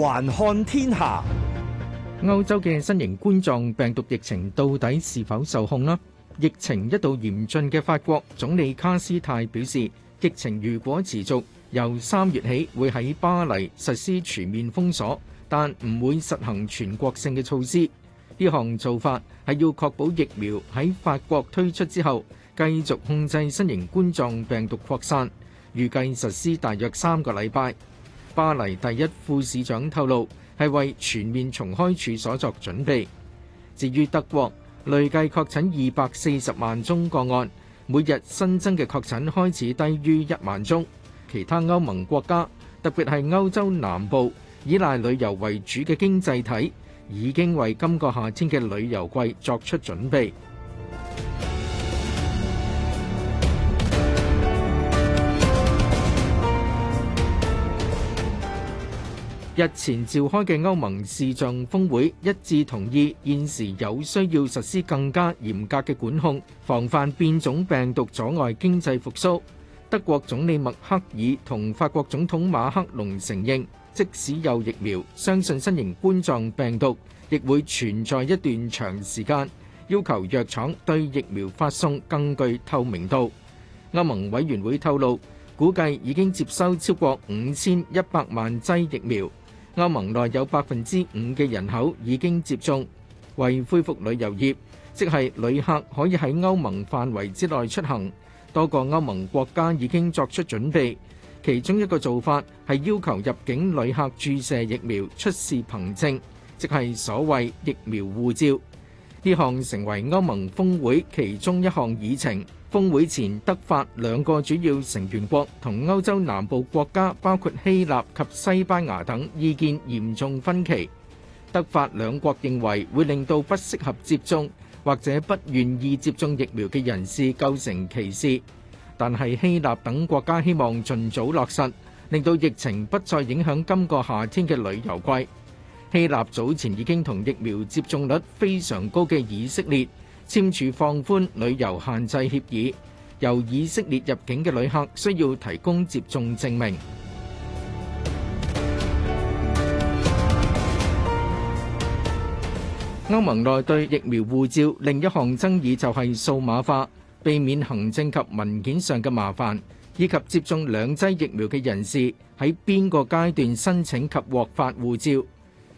環看天下，歐洲嘅新型冠狀病毒疫情到底是否受控呢？疫情一度嚴峻嘅法國總理卡斯泰表示，疫情如果持續，由三月起會喺巴黎實施全面封鎖，但唔會實行全國性嘅措施。呢項做法係要確保疫苗喺法國推出之後，繼續控制新型冠狀病毒擴散，預計實施大約三個禮拜。巴黎第一副市長透露，係為全面重開處所作準備。至於德國，累計確診二百四十萬宗個案，每日新增嘅確診開始低於一萬宗。其他歐盟國家，特別係歐洲南部，依賴旅遊為主嘅經濟體，已經為今個夏天嘅旅遊季作出準備。日前召開嘅歐盟視像峰會一致同意，現時有需要實施更加嚴格嘅管控，防範變種病毒阻礙經濟復甦。德國總理默克爾同法國總統馬克龍承認，即使有疫苗，相信新型冠狀病毒亦會存在一段長時間。要求藥廠對疫苗發送更具透明度。歐盟委員會透露，估計已經接收超過五千一百萬劑疫苗。歐盟內有百分之五嘅人口已經接種，為恢復旅遊業，即係旅客可以喺歐盟範圍之內出行，多個歐盟國家已經作出準備，其中一個做法係要求入境旅客注射疫苗、出示憑證，即係所謂疫苗護照。呢項成為歐盟峰會其中一項議程。峰會前，德法兩個主要成員國同歐洲南部國家，包括希臘及西班牙等，意見嚴重分歧。德法兩國認為會令到不適合接種或者不願意接種疫苗嘅人士構成歧視，但係希臘等國家希望儘早落實，令到疫情不再影響今個夏天嘅旅遊季。希臘早前已經同疫苗接種率非常高嘅以色列簽署放寬旅遊限制協議，由以色列入境嘅旅客需要提供接種證明。歐盟內對疫苗護照另一項爭議就係數碼化，避免行政及文件上嘅麻煩，以及接種兩劑疫苗嘅人士喺邊個階段申請及獲發護照。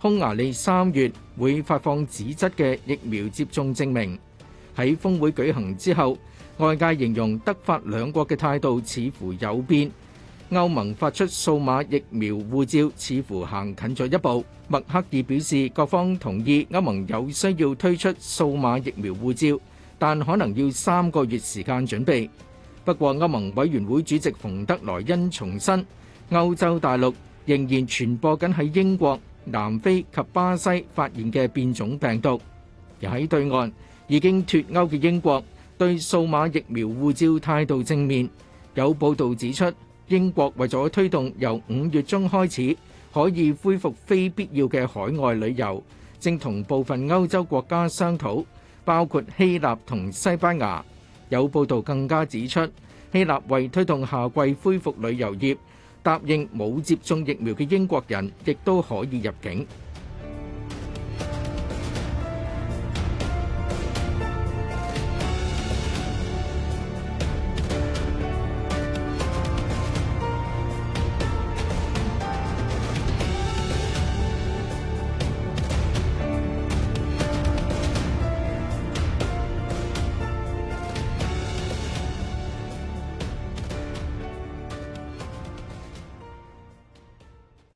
匈牙利三月會發放紙質嘅疫苗接種證明。喺峰會舉行之後，外界形容德法兩國嘅態度似乎有變。歐盟發出數碼疫苗護照似乎行近咗一步。默克爾表示各方同意歐盟有需要推出數碼疫苗護照，但可能要三個月時間準備。不過，歐盟委員會主席馮德萊恩重申，歐洲大陸仍然傳播緊喺英國、南非及巴西發現嘅變種病毒，而喺對岸已經脫歐嘅英國對數碼疫苗護照態度正面。有報導指出，英國為咗推動由五月中開始可以恢復非必要嘅海外旅遊，正同部分歐洲國家商討，包括希臘同西班牙。有報導更加指出，希臘為推動夏季恢復旅遊業，答應冇接種疫苗嘅英國人，亦都可以入境。